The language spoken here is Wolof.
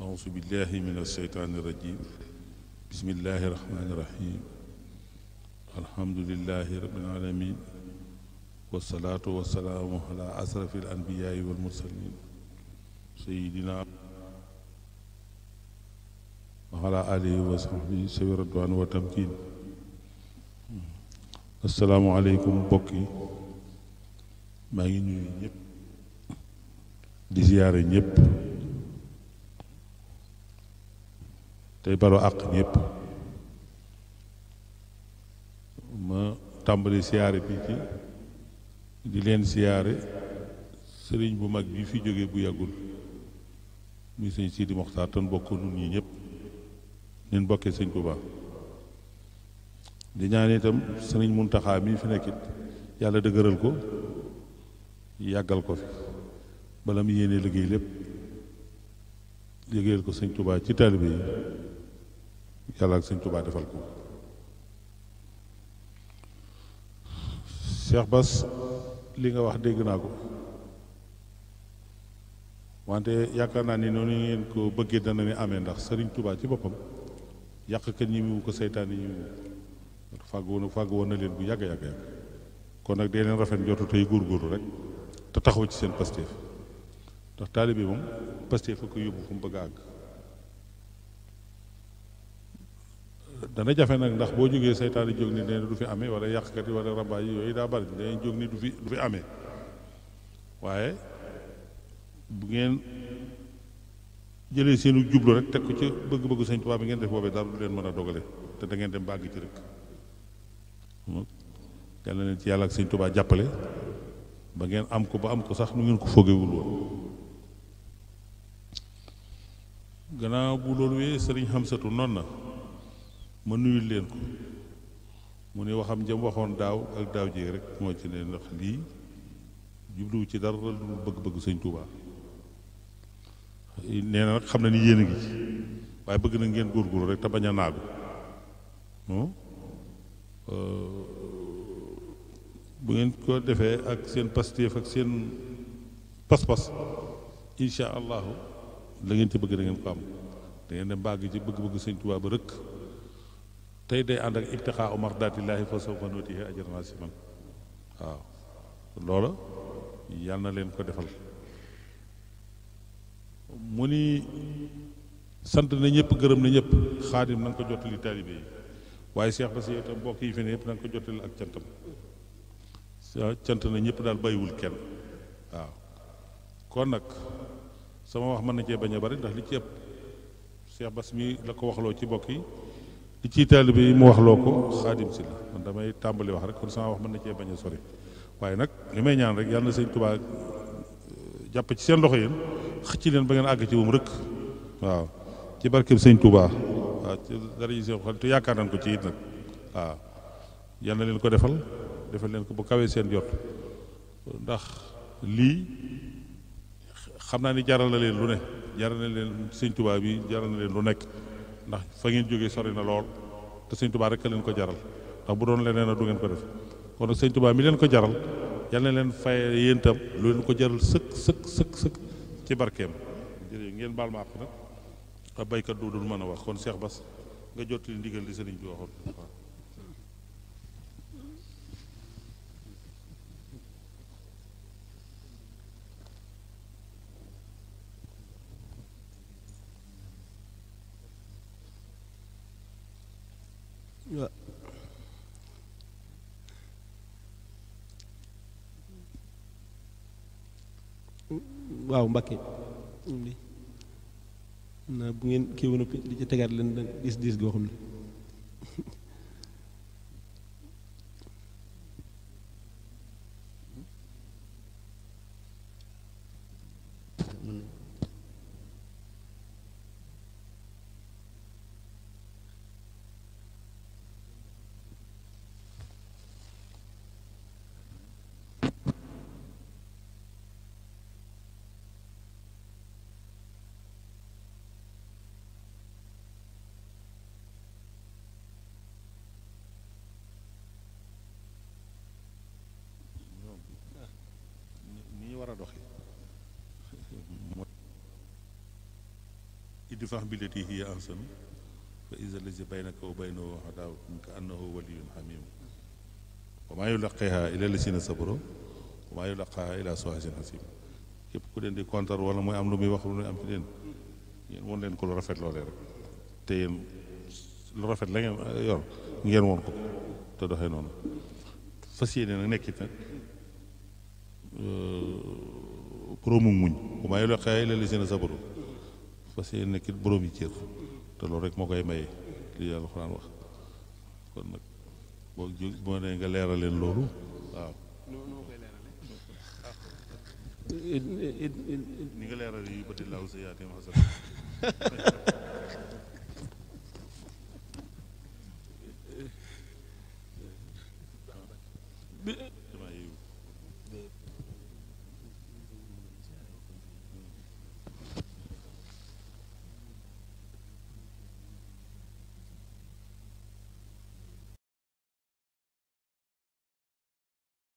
أعوذ بالله من الشيطان الرجيم بسم الله الرحمن الرحيم الحمد لله رب العالمين والصلاة والسلام على أشرف الأنبياء والمرسلين سيدنا وعلى آله وصحبه سوي رضوان وتمكين السلام عليكم بكي ما ينوي نيب دي زياره نيب tey baro àq yépp ma tàmbali siyaare bi ci di leen siyaare sëriñ bu mag bi fi jóge bu yàggul muy sëñ Sidi Moxtaar tan bokk nun ñi ñëpp ñun bokkee sëñ Tuubaa di ñaan itam sëriñ Muntaxaa mi fi nekkit yàlla dëgëral ko yàggal ko fi bala mu yéene liggéey lépp liggéeyal ko sëñ Touba ci taalibe yi yàlla ak sëñ defal ko Cheikh bas li nga wax dégg naa ko wante yaakaar naa ni noonu ngeen ko bëggee dana ni amee ndax sëriñ tubaa ci boppam yàqkat ñi mu ko seytaan yi ñu fàgg woon fàgg woon na leen bu yàgg yàgg yàgg kon nag dee leen rafet njortu tey góorgóorlu rek te taxaw ci seen Pastef ndax taalibe moom pastee fa ko yóbbu fu mu bëgg a àgg dana jafe nag ndax boo jógee seytaan yi jóg ni nee du fi amee wala yàqkat yi wala rabaay yi yooyu daa bari dañuy jóg ni amee waaye bu ngeen jëlee seenu jublu rek teg ko ci bëgg-bëggu sëñ Tuubaa bi ngeen def boobee dara du leen mën a dogale te dangeen ngeen dem bàgg ci rek yàlla leen ci yàlla ak sëñ Tuubaa jàppale ba ngeen am ko ba am ko sax nu ngeen ko foogewul woon gannaaw bu loolu wee sëriñ xamsatu noon na ma nuyul leen ko mu ne waxam jëm waxoon daaw ak daaw jéeg rek moo ci ne ndax lii jubluwu ci dar lu bëgg-bëgg sëñ Tuubaa nee nag xam na ni yéen a ngi ci waaye bëgg na ngeen góorgóorlu rek te bañ a naagu euh, bu ngeen ko defee ak seen pastéef ak seen pas-pas incha allahu la ngeen ci bëgg da ngeen ko am da ngeen dem bàgg ci bëgg-bëgg sëñ Tuubaa ba rëkk tey day ànd ak ibtixaa u mardatillahi fa sawfa nutihi ajran asiman waaw loola yàlla na leen ko defal mu ni sant na ñëpp gërëm na ñëpp xaadim na ko jottali taalibe yi waaye Cheikh Bass yow tam mbokk yi fi ne yëpp na ko jottali ak cantam cant na ñëpp daal bàyyiwul kenn waaw kon nag sama wax mën na cee bañ a bari ndax li ceeb ëpp bas mi la ko waxloo ci bokk yi li ci taalibe bi mu waxloo ko xaadim si la man damay tàmbali wax rek kon sama wax mën na cee bañ a sori waaye nag li may ñaan rek yàlla na seen tubaa euh, jàpp ci seen loxo yéen xëcc leen ba ngeen àgg ci moom rëkk waaw ci barkeb sëñ Tuubaa waaw ci dara yi seen xol yaakaar nañ ko ci yit nag waaw yal na leen ko defal defal leen ko bu kawee seen jot ndax lii xam naa ni jaral na leen lu ne jaral na leen sëñ tubaa bi jaral na leen lu nekk ndax fa ngeen jóge sori na lool te sëñ tubaa rek a leen ko jaral ndax bu doon leneen a du ngeen ko def kon nag sëñ tubaa mi leen ko jaral yal na leen fay yéen itam lu leen ko jaral sëkk sëkk sëkk sëkk ci barkeem jërëjëf ngeen baal ma àq nag a baykat du doon mën a wax kon Cheikh bas nga jot li ndigal li sëriñ bi waxoon Ja. Ya. waaw mbakki na bungin ngeen ki wona di ci tegaat dis dis go xamni mm الدفاع بالتي هي أحسن فإذا الذي بينك وبينه عداوة كأنه ولي حميم وما يلقيها إلا الذين صبروا وما يلقاها إلا سواحز حسيم كيف كل دي كونتر ولا ما يعملوا بي وخلوا لي أمتلين ين ون لين كل رفت لولير تين رفت لين يور ين ون كو تدوهين ون فسيين ان نكيت أه، برومو مون وما يلقيها إلا الذين صبروا fas yéene nekkit borom yi cër te loolu rek moo koy maye li yàlla xuraan wax kon nag boo jël boo nee nga leeral leen loolu waaw. ni nga leeral yi ba di laaw sa yaati ma